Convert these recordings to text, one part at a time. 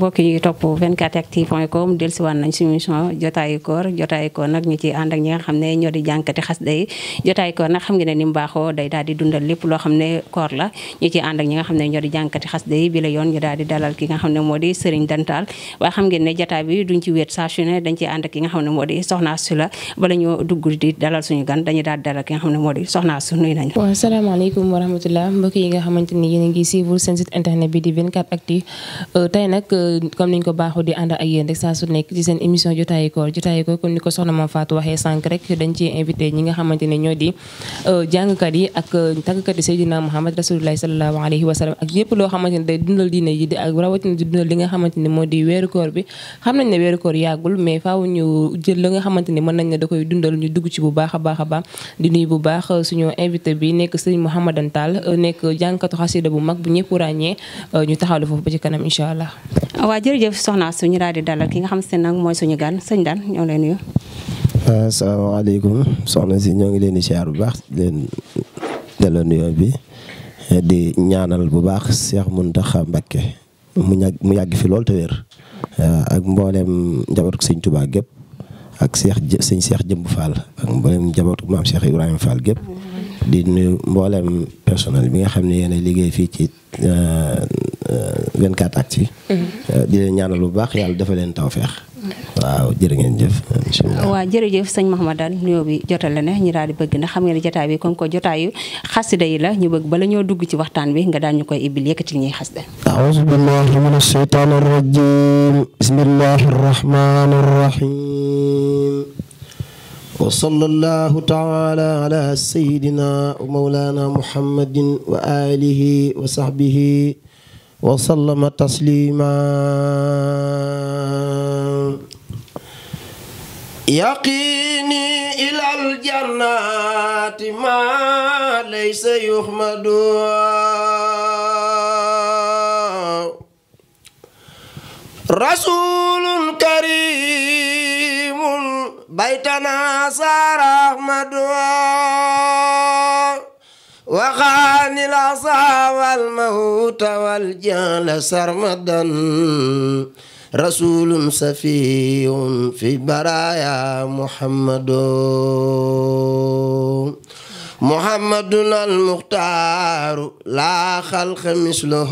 mbokk yi topp 24actu point com dellusiwaat nañ suñu émission jotaayu koor jotaayu koor nag ñu ci ànd ak ñi nga xam ne ñoo di jànkati xasida yi jotaayu koor nag xam nga ne ni mu baaxoo day daal di dundal lépp loo xam ne koor la ñu ci ànd ak ñi nga xam ne ñoo di jànkati xasida yi bi la yoon ñu daal di dalal ki nga xam ne moo di Serigne Dantal waaye xam ngeen ne jotaay bi duñ ci wéet saa su ne dañ ci ànd ak ki nga xam ne moo di soxna su la bala ñoo dugg di dalal suñu gan dañu daal di dalal ki nga xam ne moo di soxna su nuyu nañ waaw salaamaaleykum wa rahmatullah mbokk yi nga xamante ni yéen a ngi suivre seen site internet bi di 24actu euh, tey nag euh, comme niñ ko baaxoo di ànd ak yéen rek saa su nekk ci seen émission jotaayu koor jotaayu koor comme ni ko soxna Mame Fatou waxee sànq rek dañ ci invité ñi nga xamante ne ñoo di euh, jàngkat yi ak euh, tàggkat yi Seydina Mouhamed rasulullah sallallahu alayhi wa sallam ak yëpp loo xamante ne day dundal diine yi di ak rawatina di dundal li ne moo di weeru koor bi xam nañ ne weeru koor yàggul mais faaw ñu jël la nga xamante ne mën nañ ne da koy dundal ñu dugg ci bu baax a baax a baax di nuyu bu baax euh, suñu invité bi nekk suñ Mouhamadan Tall nekk jàngkatu xasida bu mag bu ñëpp ràññee ñu taxaw taxawlu foofu ba ci kanam incha allah waaw jërëjëf soxna suñu daal di dalal ki nga xam seen nag mooy suñu gan sëñ daan ñoo ngi lay nuyu. Euh, soxna si ñoo ngi leen di siyaar bu baax di leen delloo bi di ñaanal bu baax Cheikh Mountakha Mbacké mu ñàgg mu yàgg fi lool te wér euh, ak mboolem njabootu sëñ Touba gépp ak Cheikh sëñ Cheikh Jëmb Fall ak mboolem njabootu maam Cheikh Ibrahima Fall gépp di nuyu mboolem personnel bi nga xam ne yéen a liggéey fii ci 24actu. Euh, euh, mm-hmm. euh, di leen ñaanal bu baax yàlla dafa leen tawféex. waaw jërë ngeen jëf. waaw jërëjëf sëñ Mahamadan nuyoo bi jotale ne ñu daal di bëgg na xam ngeen ne jotaay bi comme que jotaayu xasida yi la ñu bëgg bala ñoo dugg ci waxtaan bi nga daal ñu koy ibbil yëkkati ñuy xasida. aouzu billahi min ashaytaani rajim bismillahi rahmaani وصلى الله تعالى على سيدنا ومولانا محمد وآله وصحبه وسلم تسليما يقيني إلى الجنات ما ليس يحمد رسول كريم بيتنا صار أحمد وخان العصا والموت والجهل سرمدا رسول سفي في برايا محمد محمد المختار لا خلق مثله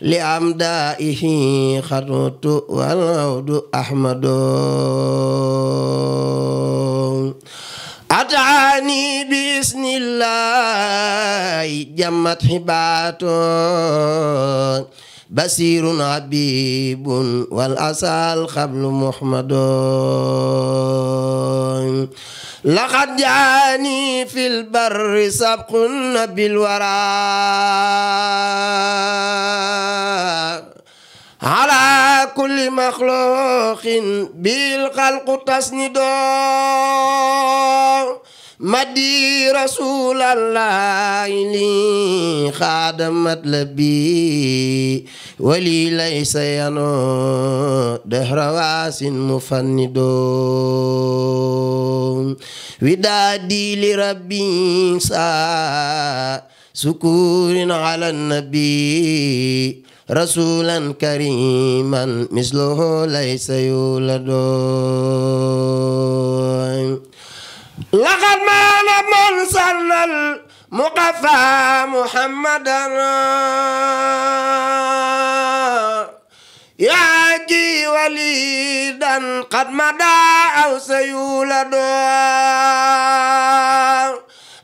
li am daa ihi xarutu walawdu jammat hibaato basirun habibun wal asal xablu لقد جاني في البر سبق بالورى على كل مخلوق بالخلق تسند مدي رسول الله لي خادمت لبي ولي ليس ينو دهر واس مفند ودادي لربي سا سكور على النبي رسولا كريما مثله ليس يولد لقد مان من صلى المقفى محمدا يا جي وليدا قد مدى أو سيولد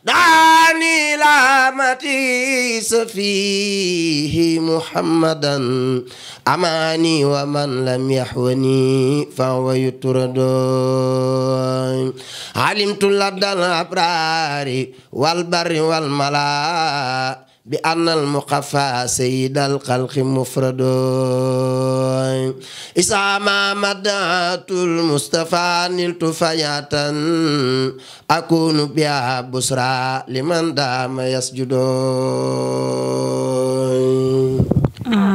دعني لامتي سفيه محمدا amaani wa man lam yahwani fa huwa yutradu alimtu laddal abrari wal barri wal mala bi anna al muqaffa sayyidal khalqi mufradu isaama madatul niltu fayatan akunu biha busra liman dama yasjudu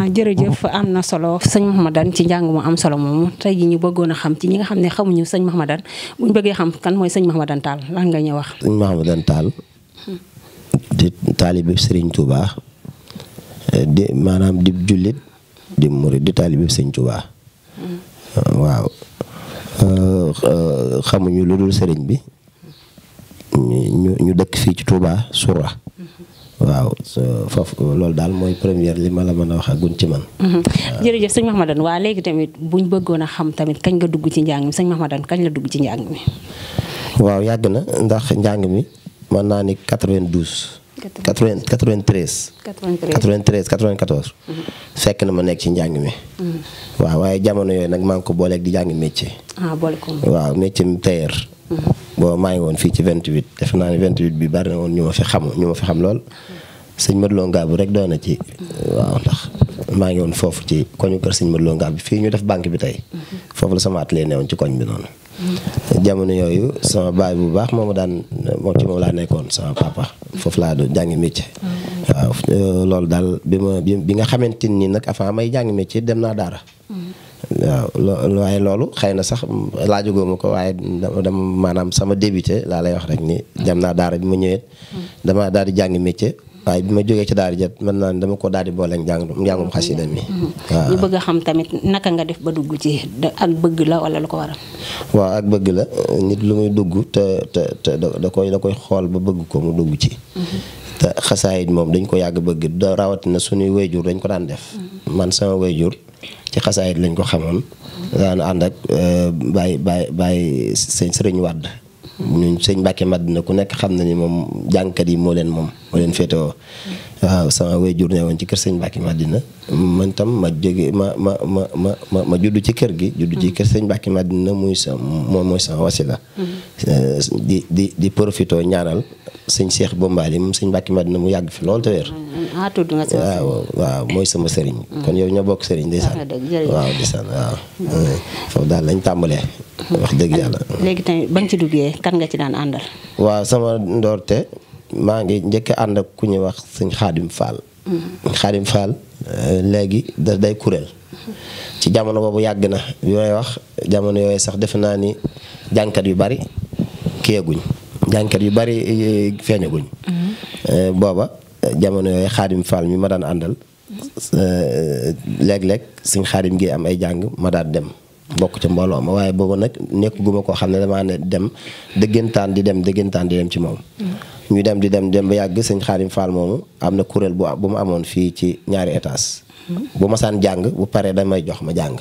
ah jërëjëf mm-hmm. am na solo sëñ ma dan ci njàng mu am solo moom tey ji ñu bëggoon a xam ci ñi nga xam ne xamuñu sëñ Mahmadan bu ñu bëggee xam kan mooy sëñ Mahmadan Tall lan nga ñu wax. sëñ Mahmadan Tall. Hmm. di taalibe sëriñ Touba di maanaam di jullit di murid di taalibe Serigne Touba. Hmm. waaw euh, euh, xamuñu lu dul sëriñ bi ñu ñu dëkk fii ci Touba Soura. waaw foofu loolu daal mooy première li ma la mën a wax a agun ci man. Mhm. jërëjëf ma Mahmadane waa léegi tamit buñ bëggoon a xam tamit kañ nga dugg ci njàng mi sëñ Mahmadane kañ la dugg ci njàng mi. waaw yàgg na ndax njàng mi mën naa ni 92. 93 93 93 94. fekk na ma nekk ci njàng mi. Mhm. waaw waaye jamono yooyu nag maa ngi ko booleeg di jàng métier. ah ko waaw métier tailleur. Mhm. boo maa ngi woon fii ci 28 defe naa ne 28 bi bari woon ñu ma fi xam ñu ma fi xam lool sëñ Modou Lo Ngabou rek doon na ci waaw ndax maa ngi woon foofu ci koñu kër sëñ Modou Lo Ngabou fii ñu def banque bi tey foofu la sama atelier newoon ci koñ bi noonu. jamono yooyu sama baay bu baax moomu daan moom ci moom laa nekkoon sama papa foofu laa doon jàngi métier. waaw loolu daal bi ma bi nga xamante ni nag avant may jàngi métier dem naa daara. waaw loo waaye loolu xëy na sax laajugoo ma ko waaye dama maanaam sama débuté laa lay wax rek nii dem naa daara bi ma ñëwee hmm. dama daal di jàng métier. waaye bi ma jógee ci daara jot mën naa dama ko daal di boole njàngum njàngum xasida mi hmm. waaw ñu bëgg xam tamit naka nga def ba dugg ci ak bëgg la ko waaw ak bëgg la nit lu muy dugg te te te koy da koy xool ba bëgg ko mu dugg ci. Hmm. te xasaayit moom dañ ko yàgg bëgg rawatina suñuy wayjur dañ ko daan def. man sama way jur ci xasaayit lañ ko xamoon na ànd ak bàyyi bàyyi bàyyi sëñ sëriñ wàdd ñun sëñ Mbàkke màddina ku nekk xam na ni moom jàngkat yi moo leen moom moo leen féetewoo waaw sama waajur ne woon ci kër sëñ Mbàkke Madina man tam ma jóge ma ma ma ma ma ma judd ci kër gi judd ci kër sëñ Mbàkke Madina moom mooy sama wasila mm-hmm. euh, di di di profitoo ñaaral sëñ Cheikh Bombaali moom sëñ Mbàkke Madina mu yàgg fi lool te ah, waaw mooy sama sëriñ. kon yow ñoo bokk sëriñ ndeysaan. waaw waaw. Mm-hmm. foofu daal lañ tàmbalee. dëgg yàlla. léegi tamit daan àndal. waaw sama ndoorte maa ngi njëkk ànd ak ku ñuy wax sëñ Xaadim Fall. Mm-hmm. Xaadim Fall eh, léegi da day kuréel. ci jamono boobu yàgg na bi may wax jamono yooyu sax defe naa ni jànkat yu bari kéeguñ jàngkat yu bari eh, eh, feeñaguñ mm-hmm. eh, booba jamono yooyu xaadim Fall mi ma daan àndal léeg-léeg suñ xaadim gi am ay jàng ma daan dem bokk ca mbooloo ma waaye booba nag nekk guma ko xam ne damaa ne dem dëggantaan di dem dëggantaan di dem ci moom mm-hmm. ñu dem di dem dem yàgg sëñ xaadim Fall moomu am na kuréel bu bu amoon fii ci ñaari étage bu ma saan jàng bu paree damay jox ma jàng.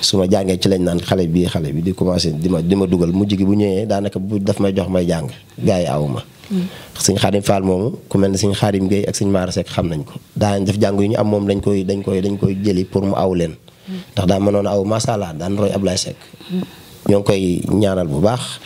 su ma jàngee ci lañ naan xale bii xale bi di commencé di ma ma dugal mujj gi bu ñëwee daanaka bu daf may jox may jàng gars yi aw Xaadim Fall moomu ku mel ne sëñ Xaadim Gueye ak sëñ Maara Seck xam nañ ko daan def jàng yu ñu am moom dañ koy dañ koy dañ koy jëli pour mu aw leen. ndax daa mënoon aw macha allah daan roy Ablaye Seck. ñoo koy ñaanal bu baax.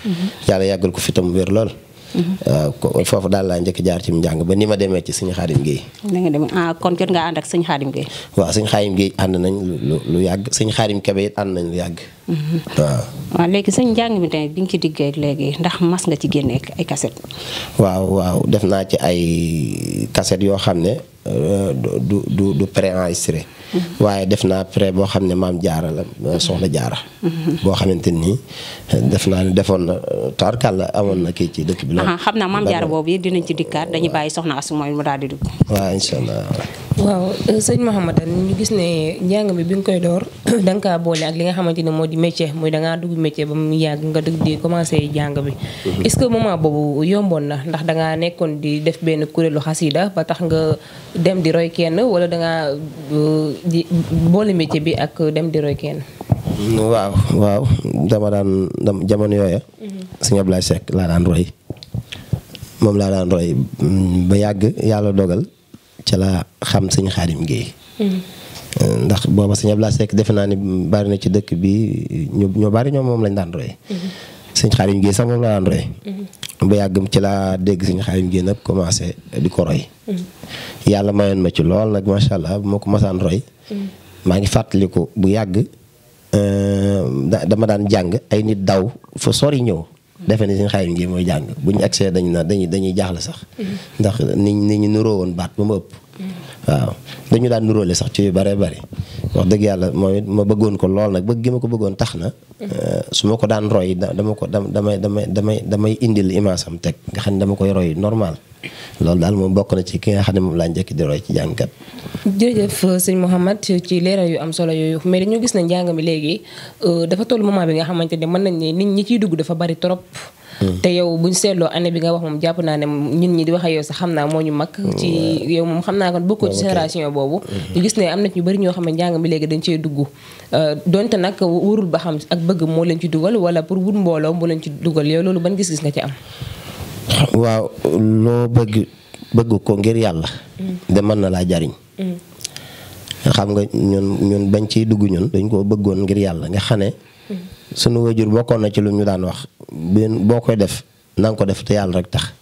yàlla yàggal ko fi tam wér lool. Euh, foofu daal laa njëkk jaar ci njàng ba ni ma demee ci sëñ Xaadim Géey da dem ah kon jot nga ànd ak sëñ Xaadim Géey waa sëñ Xaadim Géey ànd nañ lu lu lu yàgg sëñ Xaadim Kebe it ànd nañ lu yàgg waaw. waaw léegi sëñ njàng mi tamit bi nga ci diggee léegi ndax mas nga ci génne ay cassette. waaw waaw def naa ci ay kaset yoo xam ne euh, du du du pré-enregistré mhm. waaye def naa pré boo xam ne maam jaara la euh, soxna jaara mhm. boo xamante nii def naa ne defoon na euh, tarkal la amoon na kii ci dëkk bi. loolu xam naa maam jaara boobu dinañ ci dikkaat dañuy bàyyi soxna Asou mooy mu daal di dugg. waaw incha allah. waaw sëñ Mouhamadane ñu gis ne njàng mi bi nga koy door da nga kaa boole ak li nga xamante ne moo di métier mooy da ngaa dugg métier ba mu yàgg nga dugg di commencé jàng bi. Mhm. est-ce que moment boobu yomboon na ndax da nekkoon di def benn kuréelu xasida ba tax nga dem di roy kenn wala da ngaa uh, di boole bi ak dem di roy kenn. waaw waaw dama daan jamono yooya. Mhm. sëñ Ablaye Seck laa daan roy moom laa daan roy mm, ba yàgg yàlla dogal. ca la xam sëñ Xaadim Géey mm-hmm. ndax booba sëñ laa Seck defe naa ni bari na ci dëkk bi ñoo bari ñoom moom lañ daan roye mm-hmm. sëñ Xaadim Géey sax moom la daan roye mm-hmm. ba yàggam ci laa dégg sëñ Xaadim Géey nag commencé di ko roy yàlla mayoon ma ci lool nag macha allah bu ma ko masaan roy maa ngi fàttaliku bu yàgg euh, dama daan jàng ay nit daw fa sori ñëw defe ne suñ xayim ngi mooy jàng buñu accès dañ na dañuy dañuy jaaxle sax ndax ni ni ñu nuróo woon baat ba ma ëpp waaw dañu daan nuróole sax ci yu bare bari wax dëgg yàlla moom it ma bëggoon ko lool nag bëgg gi ma ko bëggoon tax na euh, su ma ko daan roy dama ko dama damay damay damay damay indil image am teg nga xam ne dama koy roy normal loolu daal moom bokk na ci ki nga xam ne moom laa njëkk di roy ci jàngkat. jërëjëf sëñ Mouhamad ci leeral yu am solo yooyu mais dañoo gis na njàng mi léegi euh, dafa toll moment bi nga xamante ne mën nañ ne nit ñi ciy dugg dafa bari trop. Hmm. te yow buñ seetloo année bi nga wax jàpp naa ne ñun ñi di wax ak yow xam naa moo ñu mag. Hmm, yow moom xam naa kon bokkoo ci génération boobu. Hmm. gis ne am na ñu bari ñoo xam ne njàng mi léegi dañ cee dugg. Euh, donte nag wóorul ba xam ak bëgg moo leen ci dugal wala pour wut mbooloo moo leen ci dugal yow loolu ban gis-gis nga ci am. waaw loo bëgg bëgg ko ngir yàlla. Mm. de mën na laa jariñ mm. xam nga ñun ñun bañ ciy dugg ñun dañ koo bëggoon ngir yàlla nga xam ne mm. sunu wajur bokkoon na ci lu ñu daan wax benn boo koy def nanga ko def te yàlla rek tax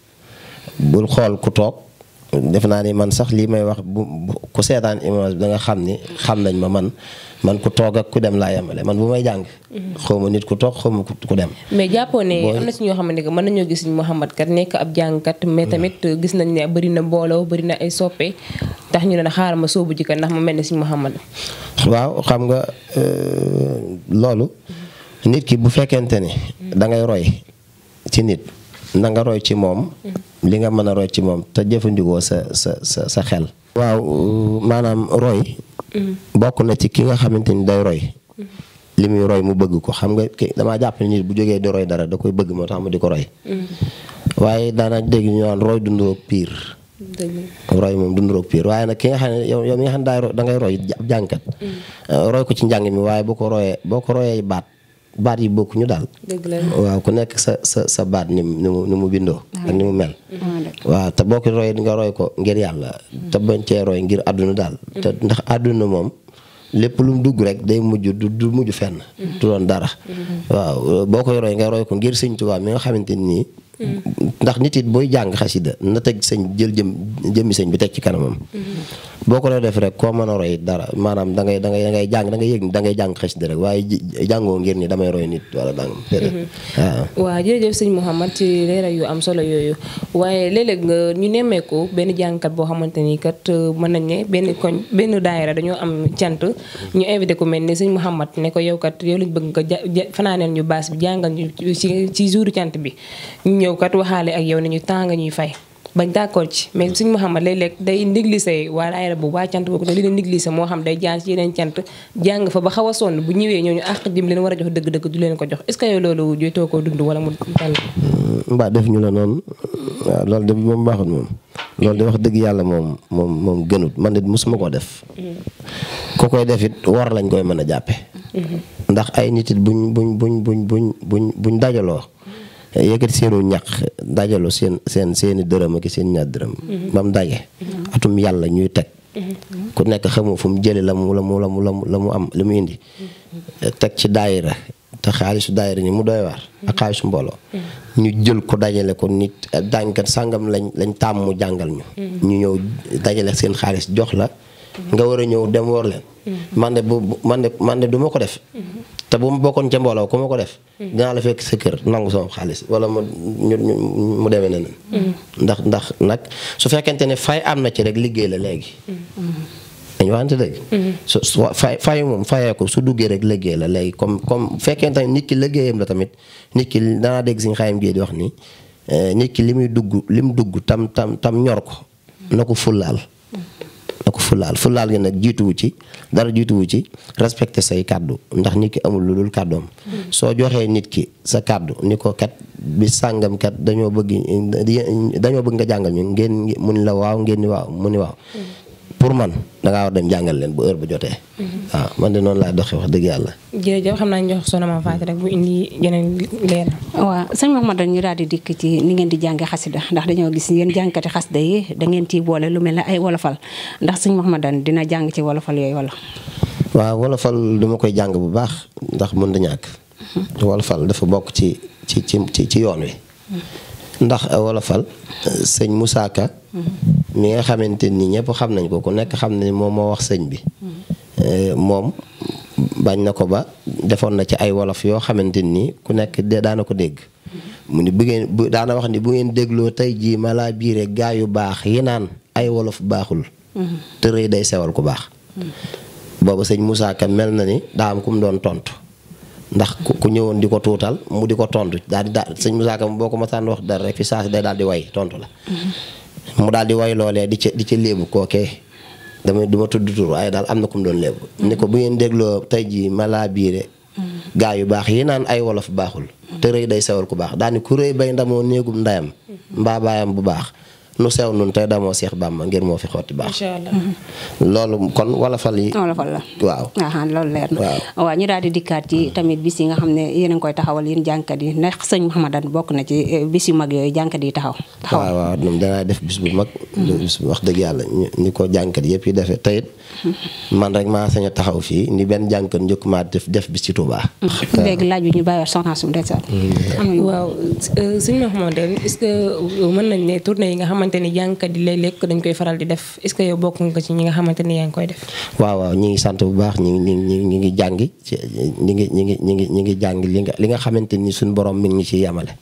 bul xool ku toog def naa ni man sax lii may wax bu ku seetaan image bi xam ni xam nañ ma man man ku toog ak ku dem laa yemale man bu may jàng. xaw nit ku toog xaw ma ku dem. mais jàppoo ne am na si ñoo xamante ne man nañoo gis ñu Mouhamad ka nekk ab kat mais tamit gis nañ ne bëri na mbooloo bëri na ay soppe tax ñu ne xaaral ma soobu jikka ndax ma mel ne si Mouhamad. waaw xam nga euh, loolu. nit ki bu fekkente ni da roy ci nit. na nga roy ci moom mm-hmm. li nga mën a roy ci moom te jëfandikoo sa sa sa sa xel waaw maanaam roy mm-hmm. bokk na ci kii nga xamante ni day roy mm-hmm. li muy roy mu bëgg ko xam nga damaa jàpp ne nit bu jegee di roy dara da koy bëgg moo tax mu di ko roy waaye daana dégg ñu naan roy dunduroog piir roy moom dunduroog piir waaye nag ki nga xam ne yow yow mi xam ne daay da ngay roy jànkat roy ko ci njàng mi waaye boo ko royee boo ko royee baat baat yi bokkuñu daal. waaw ku nekk sa sa sa baat ni mu ni mu bindoo. ak ni mu mel. Ah, waaw te boo ko roy nga roy ko ngir yàlla. te bañ roy ngir àdduna daal. Mm-hmm. ndax àdduna moom. lépp lu dugg rek day mujj du du mujj fenn. Mm-hmm. du doon dara. Mm-hmm. waaw boo koy roy nga roy ko ngir Sëñ Tuubaa mi nga xamante nii ndax nit it booy jàng xasida na teg sëñ jël jëm jëmmi sëñ bi teg ci kanamam. boo ko la def rek koo mën a roy dara maanaam da ngay da da ngay jàng da ngay da ngay jàng xasida rek waaye jàngoo ngir ni damay roy nit wala danga mhm. waaw waaw jërëjëf sëñ Mouhamad ci leeral yu am solo yooyu waaye léeg nga ñu nemmeeku benn jàngkat boo xamante ni kat euh, mën nañ ne benn koñ benn daayira dañoo am cant ñu invité ku mel ni sëñ Mouhamad ne ko yow kat yow lañ bëgg nga ja fanaaneel ñu baas bi jàngal ñu ci ci jour bi ñëw kat waxaale ak yow nañu temps nga ñuy fay bañ d'accord ci mais suñu Muhammad léeg-léeg day néglisé wala ay bu waa cant boobu te li moo xam day jaan ci cant jàng a sonn bu ñëwee ñooñu àq jëm leen war ko jox est-ce que yow loolu mm, mbaa def ñu la noonu waaw loolu de moom baaxul moom loolu de wax dëgg yàlla moom moom moom gënut man nit mosuma koo def mm. ku koy def it war lañ koy mën a jàppe mm-hmm. ndax ay nit it buñ buñ buñ buñ buñ buñ buñ dajaloo yëkkati seenu ñax dajaloo seen seen seeni dërëm ak seen ñaar dërëm. Mhm. ba mu daje. Mhm. atum yàlla ñuy teg. Mhm. ku nekk xamoo fu mu jëlee la mu la mu la mu am li mu indi. teg ci daayira te xaalisu daayira ni mu doy waar. ak xaalisu mbooloo. ñu jël ko dajale ko nit daañu kat sàngam lañ lañ tàmm mu jàngal ñu. ñu ñëw dajale seen xaalis jox la. nga war a ñëw dem woor leen. Mm-hmm. man de bu man de du ko def. Mm-hmm. te bu ma bokkoon ca mbooloo ku ko def. Mm-hmm. dinaa la fekk sa kër nangu sama xaalis wala mu ñu mu demee ndax ndax nag su fekkente ne fay am na ci rek liggéey la léegi. dañu waxante dëgg. su fay fayu moom fayeeku su duggee rek liggéey la léegi comme comme bu fekkente ne nit ki liggéeyam la tamit nit ki danaa dégg suñu wax ni eh, nit ki li muy dugg lim mu dugg tam tam tam ñor ko na ko fullaal. na ko fulaal fulaal gi nag jiituwu ci dara jiituwu ci respecté say kàddu ndax nit ki amul lu dul kàddoom soo joxee nit ki sa kàddu ni ko kat bi sàngam kat dañoo bëgg dañoo bëgg nga jàngal ñu ngeen mu la waaw ngeen ni waaw mu ni waaw pour man dangaa war dem jàngal leen bu heure bu jotee mm-hmm. waaw man de noonu laa doxee wax dëgg yàlla jërëjëf xam naa ñu jox Soxna Mame Faty waaw sëñ Mouhamadou ñu daal di dikk ci ni ngeen di jànge xasida ndax dañoo gis yéen jàngkati xasida yi da ngeen ciy boole lu mel ne ay wolofal ndax sëñ Mouhamadou dina jàng ci wolofal yooyu wala waaw wolofal dama koy jàng bu baax ndax mën da ñàkk mhm. wolofal dafa bokk ci ci ci ci yoon wi mhm. euh, wolofal sëñ Moussa mhm. nga xamante ni ñëpp xam nañ ko ku nekk xam ne moom moo wax sëñ bi Eh, moom bañ na ko ba defoon na ci ay wolof yoo xamante nii ku nekk daana ko dégg mu ni bu ngeen bu daana wax ni bu ngeen dégloo tey jii malaa biire gaa yu baax yi naan ay wolof baaxul mm-hmm. te rëy day sewal ku baax mm-hmm. booba sëñ Moussa mel na ni daa am ku mu doon tontu ndax ku ñëwoon di ko tuutal mu di ko tontu daal di daal sëñ Moussa boo ko masaan wax dara rek fi saa si day daal di way tontu la mm-hmm. mu daal di way loolee di ca di ca léebu kookee damay du ma tudd tur waaye daal am na ku doon léeb ni ko bu ngeen dégloo tey jii malaa biire gaa yu baax yi naan ay wolof baaxul te rëy day sewal ku baax daani ku rëy bay ndamoo néegum ndayam mbaa baayam bu baax nu sew nun tey damoo Seex Bàmba ngir moo fi xotti baax. Mm-hmm. loolu kon wala fal yi. la waaw. loolu leer na waaw ñu daal di dikkaat ci mm-hmm. tamit bis yi nga xam ne yéen a ngi koy taxawal yéen jànkat yi ndax sëñ Mouhamadane bokk na ci eh, bis yu mag yooyu jànkat yi taxaw. taxaw waaw def bis bu mag. Mm-hmm. bis bu wax dëgg yàlla ni ko jànkat yëpp yi defee tey it man rek maa sañ a taxaw fii ni benn jànkat njëkk maa def def bis ci Touba. léegi laaj bi ñu bàyyiwaat soxna Soum de Sall. am na waaw euh, sëñ Mouhamadane est-ce que euh, mën nañ ne tournée yi nga xam xamante ni jàngkat yi léeg-léeg dañ koy faral di def est-ce que yow bokk nga ci ñi nga xamante ni yaa ngi koy def. waaw waaw ñi ngi sant bu baax ñi ngi ñi ngi ñi ngi jàngi ñi ngi ñi ngi ñi ngi ñi ngi jàngi li nga li xamante ni suñu borom mi ñu ci yemale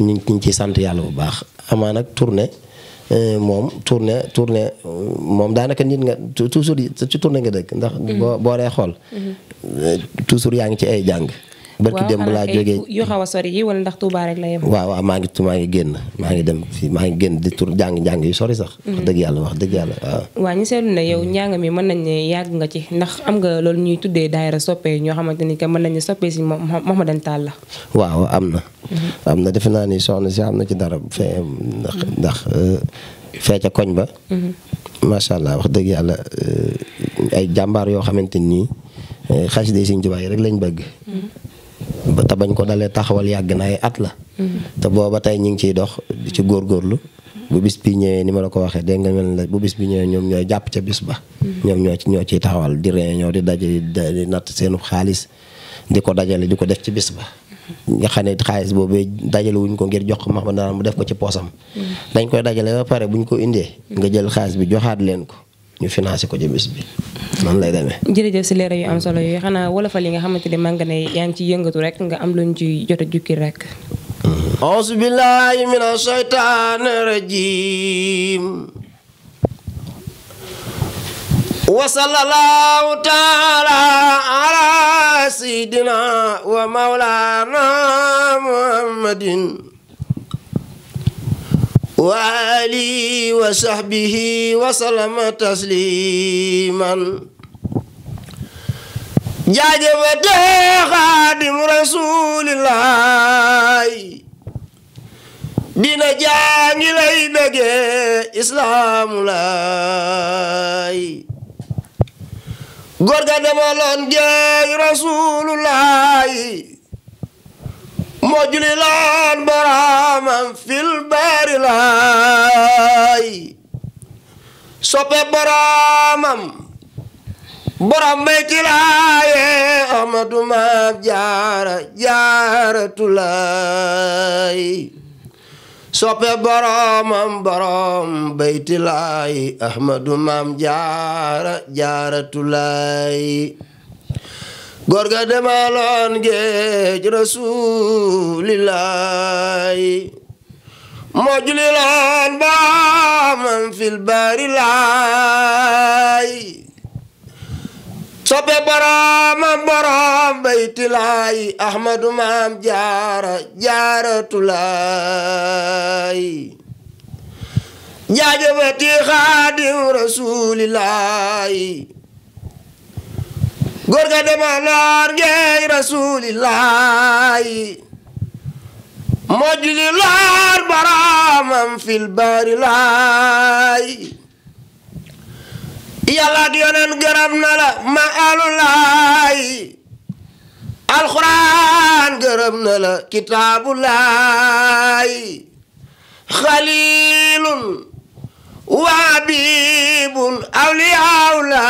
ñu ngi ciy sant yàlla bu baax amaa nag tournée euh, moom tournée tournée moom daanaka nit nga toujours ci tournée nga dëkk ndax. Mm-hmm. boo boo dee xool mm-hmm. euh, yaa ngi ci ay jàng. barki dem balaa jógee yu xaw a sori yi wala ndax Touba rek la yem. waaw waaw maa ngi maa ngi génn maa ngi dem fii maa ngi génn di tur jàng jàng yu sori sax. Mm-hmm. yàlla wax dëgg yàlla waaw. waaw ñu seetlu ne yow mm-hmm. njàng mi mën nañ ne yàgg nga ci ndax am nga loolu ñuy tuddee daayira soppe ñoo xamante ni que mën nañ ne soppe si Mahmadane Tall la. waaw am na. Mm-hmm. am na defe naa ni soxna si am na ci dara fee ndax ndax euh, fee ca koñ ba. macha allah wax dëgg yàlla euh, ay jàmbaar yoo xamante nii euh, xasida Sëriñ Tuubaa yi rek lañ bëgg te bañ ko dalee taxawal yàgg na at la. Mm-hmm. te booba tey ñu ngi ciy dox di góor góorgóorlu. bu bis bi ñëwee ni ma la ko waxee dégg nga mel la bu bis bi ñëwee ñoom ñooy jàpp ca bis ba. Mm-hmm. ñoom ñoo ci ñoo ciy taxawal di ñoo di dajale di natt seenu xaalis di ko dajale di ko def ci bis ba. Mm-hmm. nga xam ne xaalis boobu dajale wuñ ko ngir jox ko Mouhamadou mu def ko ci poosam. dañ koy dajale ba pare buñ ko indee. nga jël xaalis bi joxaat leen ko. ñu financé ko ci bis bi noonu lay demee. jërëjëf si leeral yu am solo yooyu xanaa wolofal yi nga xamante ne maa nga ne yaa ngi ci yëngatu rek nga am luñ ci jot a jukki rek. Mm-hmm. auzu billaahi a shaytaani rajiim. wa sallallaahu taala ala wa mawlaana muhammadin wa alihi wa sahbihi wa sallama tasliman jaajëfate xaadim rasulillahi dina jaangi lay dëgge islaamu lay góor ga dama mojli laan baraamam fil baari laay soppe baraamam borom bayti laaye borom bayti laay ahmadu maam jaara jaaratu góor ga demaloon géej rasuulillaahi fil baari soppe boroomam boroom bayti laay ahmadu maam jaara jaaratulaay jaajëfati góor ga demaloon ngeey rasuulillaahi moo julli loor baraamam fil baari laayi yàlla ak yoneen gërëm na la ma alu laayi alxuraan gërëm na la kitaabu laayi xaliilun wa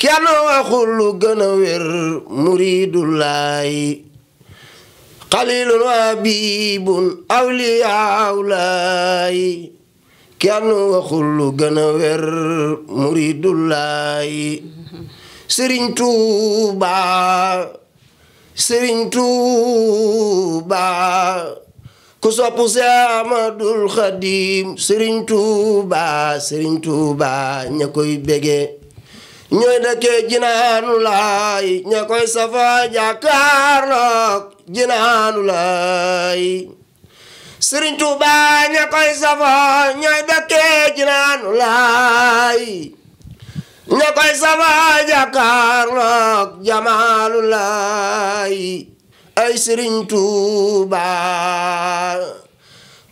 kenn waxul lu gën a wér muridullaay xalilun habibun awliyaawlaay kenn waxul lu gën a wér tuuba sëriñ tuuba ku sopp si amadul xadim sëriñ tuuba sëriñ tuuba ña koy bége ñooy dëkkee jinaanu laay koy safa jàkkaarloog jinaanu laay sëriñ Tuuba ña koy safa ñooy koy safa jàkkaarloog jamaalu laay ay sëriñ Tuuba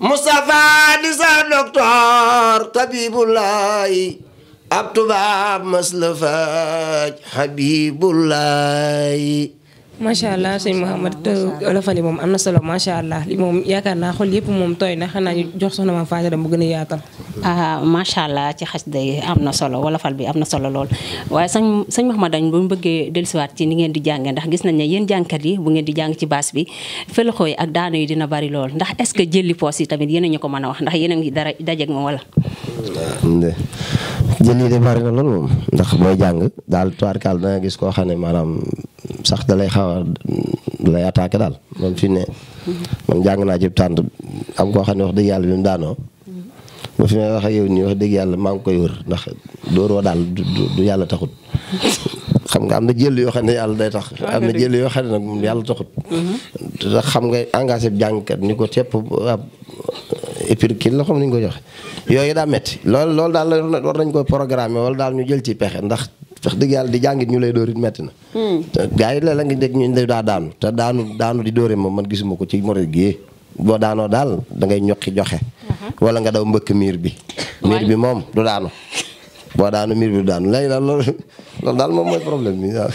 Mustafa di sa docteur tabibu ab tubaab mas la faaj xabibullaay macha allah sëñ Mouhamad olofali moom am na solo macha allah moom yaakaar naa xol yëpp moom tooy na xanaa ñu jox soxna maam Faati Deme bu gën a yaatal. Ah, macha allah ci xasida yi am na solo wolofal bi am na solo lool waaye sëñ sëñ Mouhamad dañ bu mu bëggee dellusiwaat ci ni ngeen di jàngee ndax gis nañ ne yéen jàngkat yi bu ngeen di jàng ci baas bi fëlxoo yi ak daanu yi dina bari lool ndax est-ce que jëli poos yi tamit yéen ñu ko mën a wax ndax yéen a ngi dara dajeeg moom wala. jëli ndax booy jàng daal tuwaarkaal da gis koo xam ne maanaam sax da lay xaw a da lay attaqué daal moom fi ne man jàng naa ci tànt am koo xam ne wax dëgg yàlla bi mu daanoo ba fi may wax ak yow nii wax dëgg yàlla maa ngi koy wër ndax dóoroo daal du yàlla taxut xam nga am na jël yoo xam ne yàlla day tax am na jël yoo xam ne nag moom yàlla mhm. nga engagé bi jàngkat ni ko tepp ab épirkil la xam ni ñu ko joxe yooyu daa metti loolu loolu daal war nañ koy programmer wala daal ñu jël ci pexe tax dëgg yàlla di jàngit ñu lay dóor it metti na. Hmm. gars yi la la nga dégg ñu ne daa daanu te daanu daanu di doore moom man gisuma ko ci morit gi boo daanoo daal da ngay ñoqi joxe. Uh-huh. wala nga daw mbëkk miir bi. miir bi moom du daano boo daanu miir bi du daanu léegi daal loolu loolu daal moom mooy problème bi waaw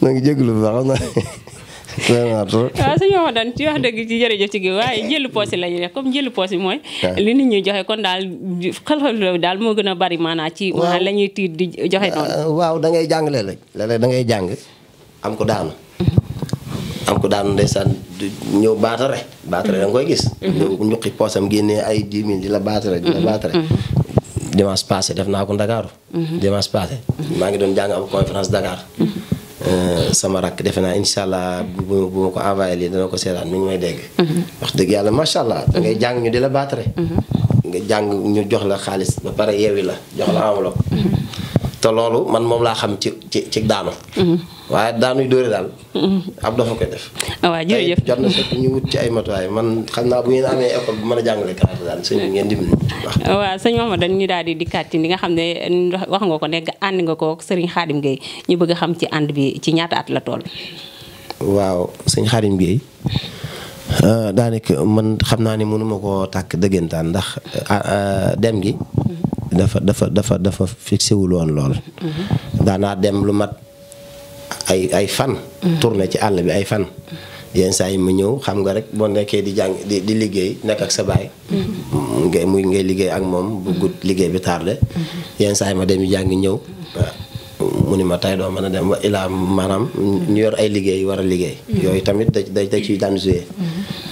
noo ngi jégalu bu waaw suñu waxoon ci wax dëgg ci jërëjëf ci gi waaye jëlu poos la ñuy def comme jëlu poos mooy li nit ñuy joxe kon daal xel-xel daal moo gën a bari maanaa ci maanaam la ñuy tiit di joxe euh, waaw da ngay jàng léeg da ngay jàng am ko daanu am ko daanu sa ñëw baatare baatare da koy gis mhm. ñëw ñuqi poosam génnee ay dix mille di la baatare di la mhm. baatare mhm. dimanche passé def naa ko Ndakaaru dimanche passé maa ngi doon jàng am conférence Dakar Euh, sama rakk defe naa incha bu bu ko envoyé lii dana ko seetaan mi ngi may dégg. Mhm. wax dëgg yàlla macha allah. ngay mhm. jàng ñu di la baatare. Mhm. nga jàng ñu jox la xaalis ba pare yewi la jox la enveloppe. te loolu man moom laa xam ci ci ci daanu. Mhm. waaye daanuy dóore daal. Mhm. ab dafa koy def. Ah, waaw jërëjëf jot na fekk ñu wut ci ay matuwaay man xam naa bu ngeen amee école a jàngale karaté daal sëñ ah, daal di dikkaat ci li nga xam ne wax nga ko nekk ànd nga ko Serigne Khadim Gueye ñu bëgg xam ci ànd bi ci ñaata at la tool waaw sëñ Khadim Gueye ah, daanaka man xam naa ni mënuma koo tàkk dëggantaan ndax dem gi. Mhm. dafa dafa dafa dafa fixé wul woon lool. Mhm. daanaa dem lu mat ay ay fan. Mhm. tourné ci àll bi ay fan. yenn saa yi mu ñëw xam nga rek boo nekkee di jàng di liggéey nekk ak sa baay. Mhm. ngay muy liggéey ak moom bu gudd liggéey bi tardé. yenn saa ma dem jàng ñëw. mu ni ma tay doo mën a dem wa ilaa maanaam ñu yor ay liggéey war a liggéey yooyu tamit da da ciy daan joué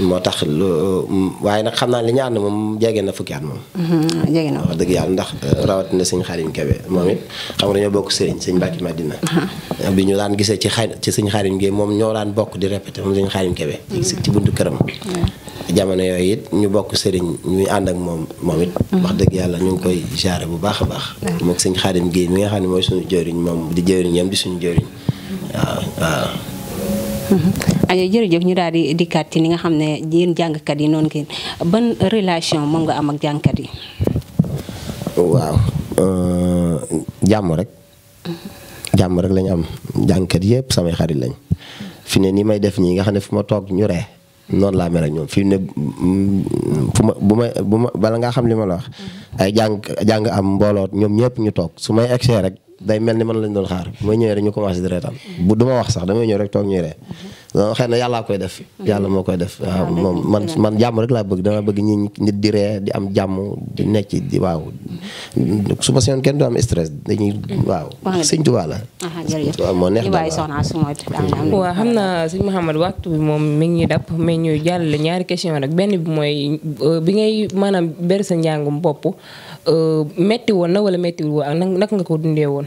moo tax waaye nag xam naa li ñu ànd moom jege na fukki at moom mm-hmm. jege na wax dëgg yàlla ndax euh, rawatina sëñ Xarim Kebe moom it xam nga dañoo bokk sëriñ sëñ Mbàkke Madina uh-huh. bi ñu daan gisee ci xay ci sëñ Xarim gi moom ñoo daan bokk di répété moom sëñ Xarim Kebe mm-hmm. ci buntu këram jamono yooyu it ñu bokk sëriñ ñuy ànd ak moom moom it. Mm-hmm. wax dëgg yàlla ñu ngi koy jaare bu baax a baax. moom ak sëñ Xaadim Géey mi nga xam ne mooy suñu jëriñ moom di jëriñ yam suñu jëriñ waaw mm-hmm. jërëjëf ñu daal di dikkaat ci ni nga xam ne yéen jàngkat yi noonu ngeen ban relation moom nga am ak jàngkat yi. waaw euh, jàmm rek. Mm-hmm. jàmm rek lañu am jàngkat yëpp samay xarit lañ fi ne nii may def ñii nga xam ne fu ma toog ñu ree noonu laa mel ak ñoom fii ne mm, fu ma bu ma bu ma bala ngaa xam li ma la wax. Mm-hmm. ay jàng jàng am mbooloo ñoom ñëpp ñu toog su may egsee rek day mel ni man lañ doon xaar mooy ñëwee rek ñu commencé di reetaan bu du ma wax sax damay ñëw rek toog ñuy ree mm-hmm. xëy na yàllaa koy def mm-hmm. yàlla moo koy def waaw ah, man man jàmm laa bëgg dama bëgg ñi nit di ree di am jàmm di waaw su ma seen kenn du am stress mm-hmm. sëñ Tuubaa la moo neex waaw xam naa sëñ Mouhamed waxtu bi moom mi ngi dab mais ñu jàllale ñaari question rek benn bi mooy euh, bi ngay maanaam ber sa njàngum bopp euh, metti woon na wala mettiwul woon ak nga ko dundee woon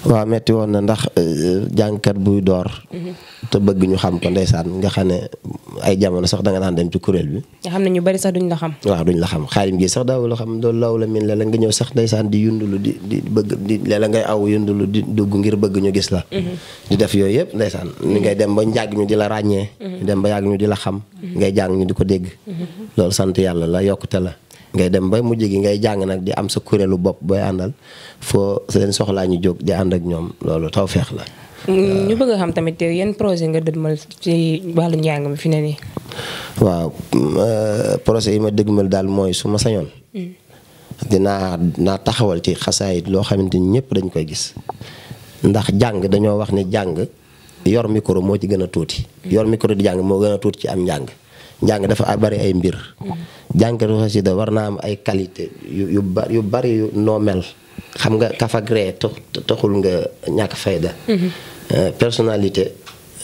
waaw metti woon na ndax euh, jàngkat buy door. Mhm. te bëgg ñu xam ko ndeysaan nga xam ne ay jamono sax danga daan dem ci kuréel bi. nga xam ne ñu bari sax duñ la xam. waaw duñ la xam xaalim gi sax daaw la xam loolu law la min la la nga ñëw sax ndeysaan di yundulu di di bëgg di la ngay aw yundulu di dugg ngir bëgg ñu gis la. Mhm. di def yooyu yëpp ndeysaan ni ngay dem ba njàgg ñu di la ràññee. Mhm. dem ba yàgg ñu di la xam. ngay jàng ñu di ko dégg. loolu sant yàlla la yokkute la. ngay dem ba mu gi ngay jàng nag di am sa kuréelu bopp booy àndal foo seen soxlaa ñu jóg di ànd ak ñoom loolu taw tawféex la. Mm, ñu bëgg a xam tamit yan projet nga dëgmal ci wàllu njàng fi ne nii. waaw mm, euh, yi ma dëgmal daal mooy su ma sañoon. Mm. dina dinaa taxawal ci xasaayit loo xamante ni ñëpp dañ koy gis ndax jàng dañoo wax ne jàng yor micro moo ci gën a tuuti. yor micro di jàng moo gën a tuuti ci am njàng. njàng dafa bari ay mbir. jàngkatu xasida war naa am ay qualité yu yu bari yu bari noo mel xam nga kaf ak ree taxul nga ñàkk fayda. Mm-hmm. Euh, personnalité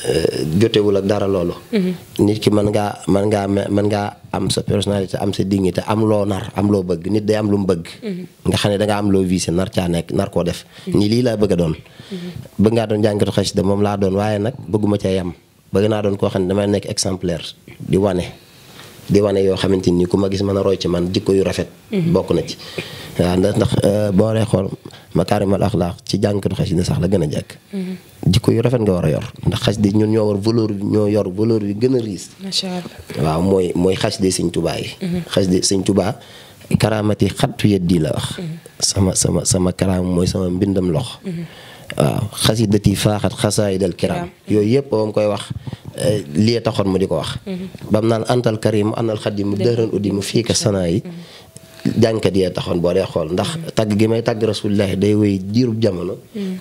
euh, jotewul ak dara loolu. Mm-hmm. nit ki man ngaa man ngaa mën ngaa am sa personnalité am sa dignité am loo nar am loo bëgg nit day am lu mu bëgg. Mm-hmm. nga xam ne danga am loo visé nar caa nekk nar koo def. ni lii laa bëgg doon. bëgg ngaa doon jàngkatu xasida moom laa doon waaye nag bëgguma cee yam bëgg naa doon koo xam ne damay nekk exemplaire di wane di wane yoo xamante ni ku ma gis mën a roy ci man jikko yu rafet. Mhm. bokk na ci waaw ndax ndax euh, boo dee xool makaarimal axlaaq ci jànkatu xasida sax la gën a jekk. Mhm. jikko yu rafet nga war a yor ndax xasida ñun ñoo war valeur bi ñoo yor valeur bi gën a riis. macha mooy mooy xasida sëñ Tuubaa yi. Mhm. xasida sëñ Tuubaa karaamati xattu yeddi la wax. sama sama sama karaam mooy sama mbindam lox. waaw xasidati faaxat xasaayidal kiram yooyu yëpp ba mu koy wax eh, lii taxoon mu di ko wax. Mm-hmm. bam naan antal karim anal xadim mu dëran uddi mu fii ka sanaa yi. Mm-hmm. jànkat yee taxoon boo dee xool ndax mm-hmm. tagg gi may tagg rasulillahi day wéy diirub jamono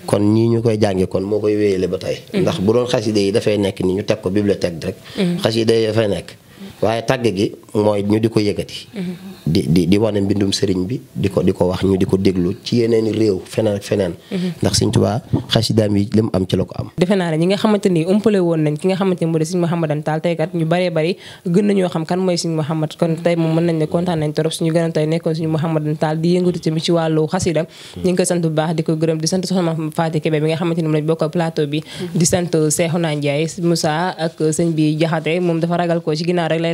kon ñii ñu koy jàngi kon moo koy wéyale ba tey ndax bu doon xaside yi dafay nekk ni ñu teg ko bibliothèque rek xaside yi dafay nekk waaye tàgg gi mooy ñu di ko yëkkati. di di di wane mbindum sëriñ bi di ko di ko wax ñu di ko déglu ci yeneen réew feneen mhm. ndax Sëriñ Tuubaa xasidaam yi ñu baree bari gën nañoo xam kan mooy Sëriñ Mouhamad kon tey moom mën nañ ne kontaan nañ trop suñu gën a tey nekkoon Sëriñ Mouhamadan Tall di yëngatu tamit ci wàllu xasida mhm. ñu ngi koy sant baax di ko gërëm di sant soxna Fatou Kébé bi nga xamante ni moom plateau bi mhm. di sant Cheikhouna Ndiaye Moussa ak sëñ bi Jaxate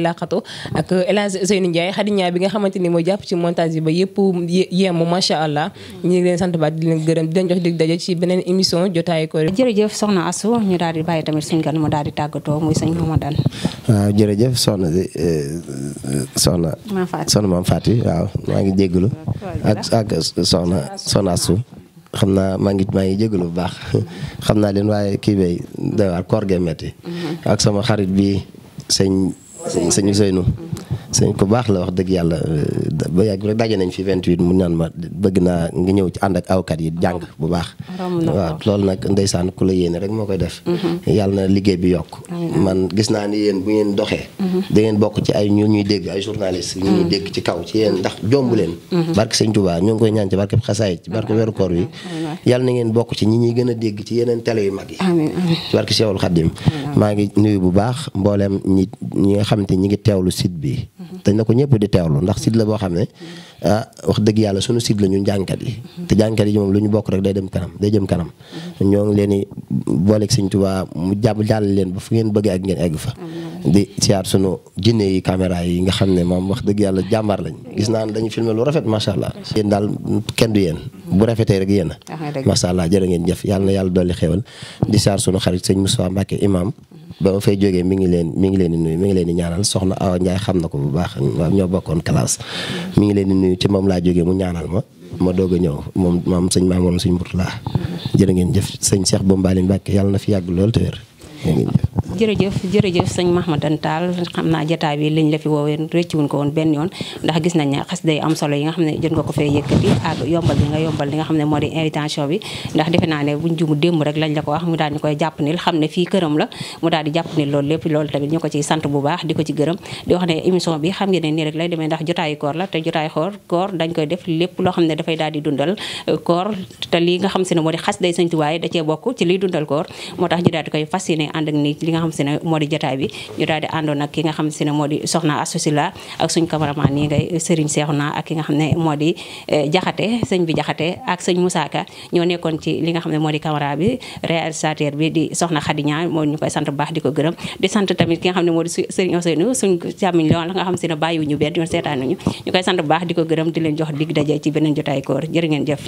laqatu ak El Hadj Ousseynou Ndiaye Khady Ndiaye bi nga xamante ni moo jàpp ci montage bi ba yëpp yem macha allah ñu ngi leen sant baat di leen gërëm di leen jox dig daje ci beneen émission jotaayu koor jërëjëf soxna Asu ñu daal di bàyyi ah, eh, ngi jégalu ak ak soxna soxna Asu xam naa maa ngi maa ngi jégalu bu baax gee metti mm-hmm. ak sama xarit bi sëñ sëñ Ousseynou sëñ ku baax la wax dëgg yàlla euh, ba yàgg rek daje nañ fi 28 mu naan ma bëgg naa nga ñëw ci ànd ak awkat yi jàng bu baax. waaw loolu nag ndeysaan ku la yéene rek moo koy def. Mhm. yàlla na liggéey bi yokk. man gis naa ni yéen bu ngeen doxee. Mhm. da ngeen bokk ci ay ñu ñuy dégg ay journaliste. ñu ñuy mhm. dégg ci kaw ci yéen ndax jombu leen. barke sëñ Tuubaa ñoo ngi koy ñaan ci barke xasaay ci barke weeru koor wi. yàlla na ngeen bokk ci ñi ñuy gën a dégg ci yeneen télé yu mag yi. ci barke Xaddim maa ngi nuyu bu baax mbooleem ñi ñi nga xam te ñi ngi bi dañ na ko ñëpp di teewlu ndax site la boo xam ne ah wax dëgg yàlla sunu site la ñun yi te jàngkat yi moom lu ñu bokk rek day dem kanam day jëm kanam ñoo ngi leen di booleeg Sëñ Tuubaa mu jàpp jàll leen ba fu ngeen bëggee ak ngeen egg fa di siyaar sunu jinne yi caméra yi nga xam ne moom wax dëgg yàlla jàmbaar lañ gis naa ne dañu filmer lu rafet macha allah yéen daal kenn du yéen bu rafetee rek yéen a macha allah jërë ngeen jëf yàlla na yàlla dolli xéewal di siyaar sunu xarit sëñ Moussa Mbacke imam ba ma fay jógee mi ngi leen mi ngi leen di nuyu mi ngi leen di ñaanal soxna Awa Ndiaye xam na ko bu baax ñoo bokkoon classe mi ngi leen di nuyu ci moom laa jógee mu ñaanal ma ma doog a ñëw moom maam sëñ maam moom sëñ Murtala jërë ngeen jëf sëñ Cheikh Bombaline Mbacke yàlla na fi yàgg lool te wér jërëjëf jërëjëf sëñ Mahmadane Tall xam naa jataay bi liñ la fi woowee rëccuwuñ ko woon benn yoon ndax gis nañ xas day am solo yi nga xam ne jot nga ko fee yëkkati ak yombal bi nga yombal xam ne moo di invitation bi la ko wax mu daal di koy jàpp nil xam ne fii këram la mu daal di jàpp nil loolu lépp loolu tamit ko ciy sant bu baax di ko ci gërëm di wax ne émission bi xam ngeen ne nii rek lay demee ndax jotaayu lépp loo xam ne dafay daal di dundal uh, koor te li nga xam si ne moo di xas day sëñ tuwaay da cee bokk ci liy dundal koor moo tax ñu daal di koy fasciné ànd ak ni xam si ne moo di jotaay bi ñu daal di àndoon ak ki nga xam si ne moo di soxna Astou Sylla ak suñ cameraman yi ngay Serigne Cheikhouna ak ki nga xam ne moo di Jaxate eh, sëñ bi Jaxate ak sëñ Moussa Ka ñoo nekkoon ci li nga xam ne moo di caméra bi réalisateur bi di soxna Khady Niang moo ñu koy sant bu baax di ko gërëm di sant tamit ki nga xam ne moo di Serigne Ousseynou suñ càmmiñ loon la nga xam si ne bàyyiwuñu benn yoon seetaanuñu ñu koy sant bu baax di ko gërëm di leen jox dig daje ci beneen jotaay koor jërë ngeen jëf